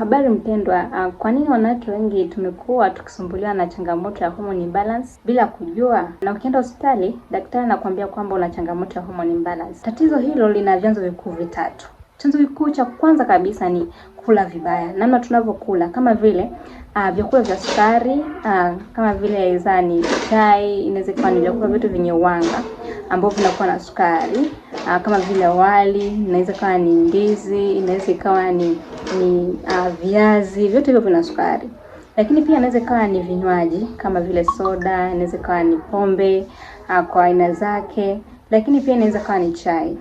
Habari mpendwa, ah, kwa nini wanawake wengi tumekuwa tukisumbuliwa na changamoto ya hormone imbalance bila kujua? Na ukienda hospitali, daktari anakuambia kwamba una changamoto ya hormone imbalance. Tatizo hilo lina vyanzo vikuu vitatu. Chanzo kikuu cha kwanza kabisa ni kula vibaya, namna tunavyokula, kama vile uh, vyakula vya sukari uh, kama vile zani chai, inaweza kuwa ni vyakula vitu vyenye wanga ambao vinakuwa na sukari uh, kama vile wali, inaweza kuwa ni ndizi, inaweza ikawa ni ni uh, viazi, vyote hivyo vina sukari. Lakini pia inaweza ikawa ni vinywaji kama vile soda, inaweza ikawa ni pombe uh, kwa aina zake, lakini pia inaweza ikawa ni chai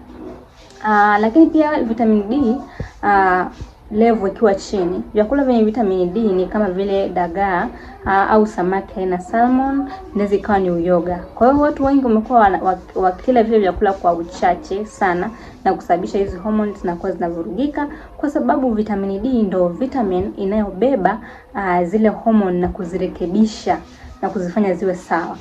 uh, lakini pia vitamin D uh, levu ikiwa chini. Vyakula vyenye vitamini D ni kama vile dagaa ah, au samaki aina salmon, inaweza ikawa ni uyoga. Kwa hiyo watu wengi wamekuwa wakila vile vyakula kwa uchache sana na kusababisha hizi homoni zinakuwa zinavurugika, kwa sababu vitamini D ndo vitamin inayobeba uh, zile homoni na kuzirekebisha na kuzifanya ziwe sawa.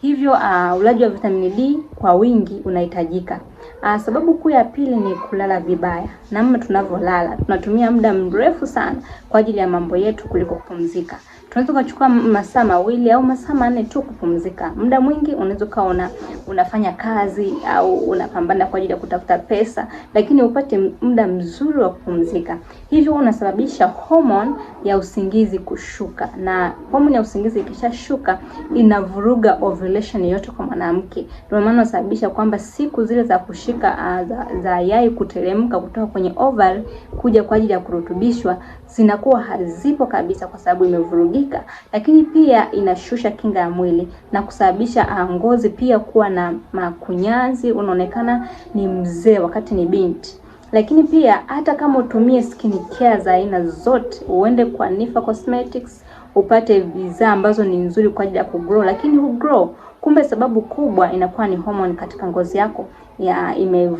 Hivyo uh, ulaji wa vitamini D kwa wingi unahitajika. Aa, ah, sababu kuu ya pili ni kulala vibaya. Namna tunavyolala tunatumia muda mrefu sana kwa ajili ya mambo yetu kuliko kupumzika. Tunaweza kuchukua masaa mawili au masaa manne tu kupumzika. Muda mwingi unaweza ukaona unafanya kazi au unapambana kwa ajili ya kutafuta pesa, lakini upate muda mzuri wa kupumzika. Hivyo unasababisha homoni ya usingizi kushuka, na homoni ya usingizi ikishashuka inavuruga ovulation yote kwa mwanamke, ndio maana unasababisha kwamba siku zile za kushika kushika za, za yai kuteremka kutoka kwenye oval kuja kwa ajili ya kurutubishwa zinakuwa hazipo kabisa kwa sababu imevurugika, lakini pia inashusha kinga ya mwili na kusababisha ngozi pia kuwa na makunyanzi, unaonekana ni mzee wakati ni binti lakini pia hata kama utumie skin care za aina zote, uende kwa Nifa Cosmetics upate bidhaa ambazo ni nzuri kwa ajili ya kugrow, lakini hugrow Kumbe sababu kubwa inakuwa ni homoni katika ngozi yako ya ime,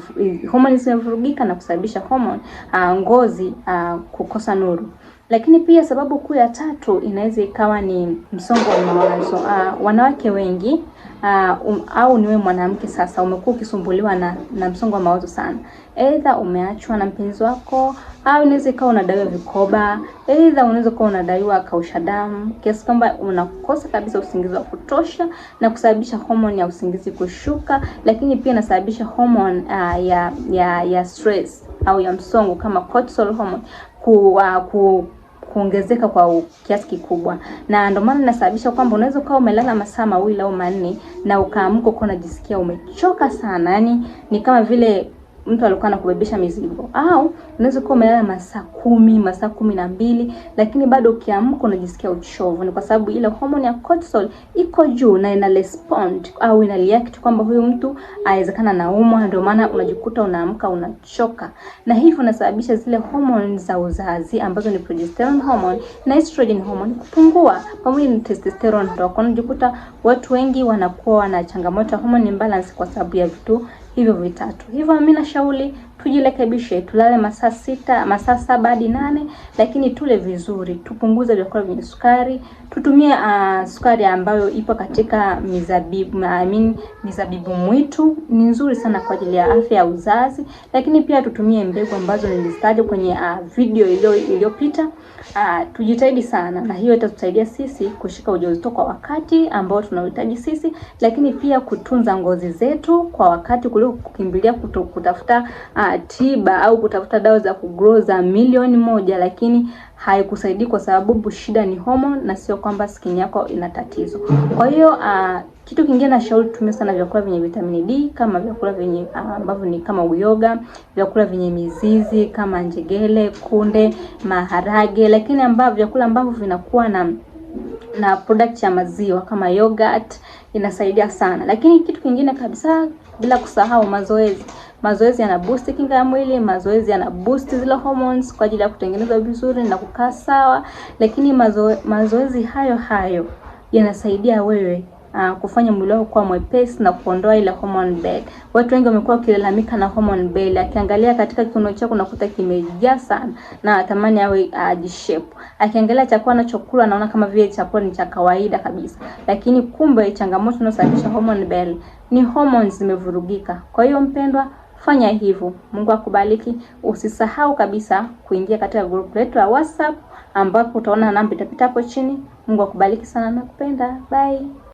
homoni zimevurugika na kusababisha homoni uh, ah, ngozi uh, kukosa nuru. Lakini pia sababu kuu ya tatu inaweza ikawa ni msongo wa mawazo. Uh, wanawake wengi Ah, um, au niwe mwanamke sasa, umekuwa ukisumbuliwa na, na msongo wa mawazo sana, aidha umeachwa na mpenzi wako, au unaweza ikawa unadaiwa vikoba, aidha unaweza kuwa unadaiwa kausha damu, kiasi kwamba unakosa kabisa usingizi wa kutosha na kusababisha homoni ya usingizi kushuka, lakini pia inasababisha homoni uh, ah, ya, ya, ya stress au ya msongo kama cortisol hormone ku, uh, ku kuongezeka kwa kiasi kikubwa, na ndio maana inasababisha kwamba unaweza ukawa umelala masaa mawili au manne na ukaamka uko unajisikia umechoka sana, yani ni kama vile mtu alikuwa anakubebesha mizigo, au unaweza kuwa umelala masaa kumi masaa kumi na mbili lakini bado ukiamka unajisikia uchovu. Ni kwa sababu ile homoni ya cortisol iko juu na ina respond au ina react kwamba huyu mtu awezekana naumwa, ndio maana unajikuta unaamka unachoka, na hivyo unasababisha zile homoni za uzazi ambazo ni progesterone hormone na estrogen hormone kupungua pamoja na testosterone. Ndio unajikuta watu wengi wanakuwa na changamoto ya hormone imbalance kwa sababu ya vitu hivyo vitatu. Hivyo amina shauli tujirekebishe, tulale masaa sita, masaa saba hadi nane, lakini tule vizuri, tupunguze vyakula vyenye sukari, tutumie uh, sukari ambayo ipo katika mizabibu, I mean, mizabibu mwitu ni nzuri sana kwa ajili ya afya ya uzazi, lakini pia tutumie mbegu ambazo nilizitaja kwenye uh, video iliyopita. Uh, tujitahidi sana, na hiyo itatusaidia sisi kushika ujauzito kwa wakati ambao tunahitaji sisi, lakini pia kutunza ngozi zetu kwa wakati kuliko kukimbilia kutafuta uh, tiba au kutafuta dawa za kugrow za milioni moja, lakini haikusaidii kwa sababu shida ni hormone na sio kwamba skin yako ina tatizo. Kwa hiyo uh, kitu kingine nashauri tumia sana vyakula vyenye vitamini D kama vyakula vyenye ah, ambavyo ni kama uyoga, vyakula vyenye mizizi kama njegele, kunde, maharage, lakini ambavyo vyakula ambavyo vinakuwa na na product ya maziwa kama yogurt inasaidia sana, lakini kitu kingine kabisa bila kusahau mazoezi. Mazoezi yana boost kinga ya mwili, mazoezi yana boost zile hormones kwa ajili ya kutengeneza vizuri na kukaa sawa, lakini mazo, mazoezi hayo hayo yanasaidia wewe Uh, kufanya mwili wako kuwa mwepesi na kuondoa ile hormone bed. Watu wengi wamekuwa wakilalamika na hormone bed, akiangalia katika kiuno chako unakuta kimejaa sana na atamani awe ajishape. Ah, uh, akiangalia chakula anachokula anaona kama vile chakula ni cha kawaida kabisa, lakini kumbe changamoto inayosababisha hormone bed ni hormones zimevurugika. Kwa hiyo mpendwa fanya hivyo. Mungu akubariki. Usisahau kabisa kuingia katika grupu letu la WhatsApp ambapo utaona namba itapita hapo chini. Mungu akubariki sana na kupenda. Bye.